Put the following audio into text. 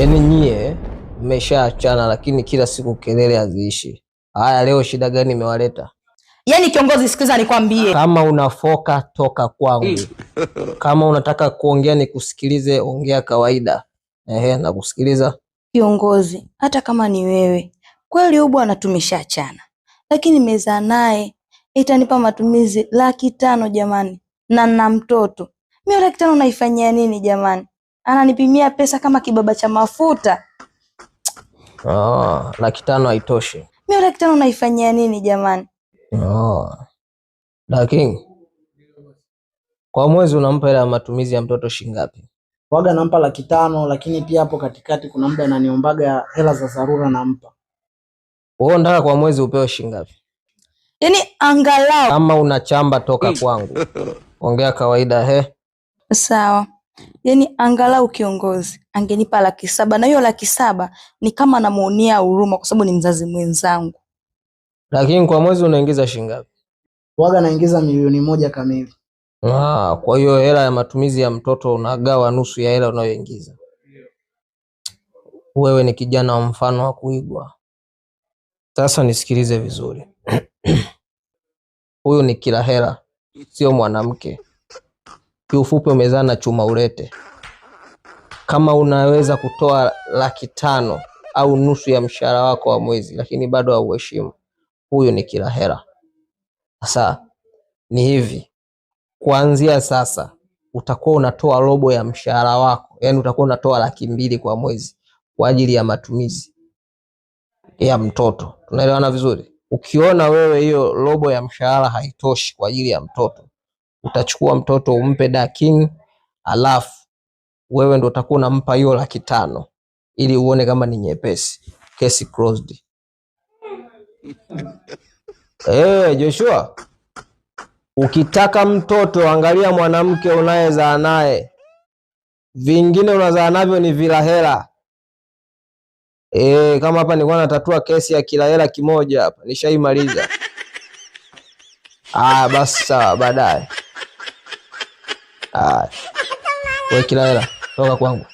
Yaani nyie mmeshaachana, lakini kila siku kelele haziishi. Haya, leo shida gani imewaleta? Yaani kiongozi, sikiza nikwambie, kama unafoka toka kwangu. Kama unataka kuongea nikusikilize, ongea kawaida. Ehe, nakusikiliza kiongozi. Hata kama ni wewe kweli, huyu bwana tumeshaachana, lakini meza naye itanipa matumizi laki tano jamani, na na mtoto mimi laki tano naifanyia nini jamani? ananipimia pesa kama kibaba cha mafuta. Oh, laki tano haitoshi. Mimi laki tano naifanyia nini jamani? Oh. Ah, lakini kwa mwezi unampa ile matumizi ya mtoto shingapi Waga nampa laki tano, lakini pia hapo katikati kuna muda ananiombaga hela za dharura nampa. Wewe unataka kwa mwezi upewe shingapi Yaani angalau kama unachamba toka hmm. kwangu. Ongea kawaida he. Sawa yani angalau kiongozi angenipa laki saba na hiyo laki saba ni kama namuonea huruma, kwa sababu ni mzazi mwenzangu. Lakini kwa mwezi unaingiza shilingi ngapi? Waga naingiza milioni moja kamili. Ah, kwa hiyo hela ya matumizi ya mtoto unagawa nusu ya hela unayoingiza wewe. Ni kijana wa mfano wa kuigwa. Sasa nisikilize vizuri, huyu ni kila hela, sio mwanamke kiufupi umezaa na chuma ulete. Kama unaweza kutoa laki tano au nusu ya mshahara wako wa mwezi, lakini bado hauheshimu, huyu ni kirahera. Sasa ni hivi, kuanzia sasa utakuwa unatoa robo ya mshahara wako, yani utakuwa unatoa laki mbili kwa mwezi kwa ajili ya matumizi ya mtoto. Tunaelewana vizuri? Ukiona wewe hiyo robo ya mshahara haitoshi kwa ajili ya mtoto, utachukua mtoto umpe King, alafu wewe ndo utakuwa unampa hiyo laki tano ili uone kama ni nyepesi. Case closed. Hey, eh, Joshua, ukitaka mtoto angalia mwanamke unayezaa naye, vingine unazaa navyo ni vilahela. Hey, eh, kama hapa nilikuwa natatua kesi ya kilahela kimoja hapa nishaimaliza. Ah, basi sawa, baadaye. Wewe kila hela toka kwangu.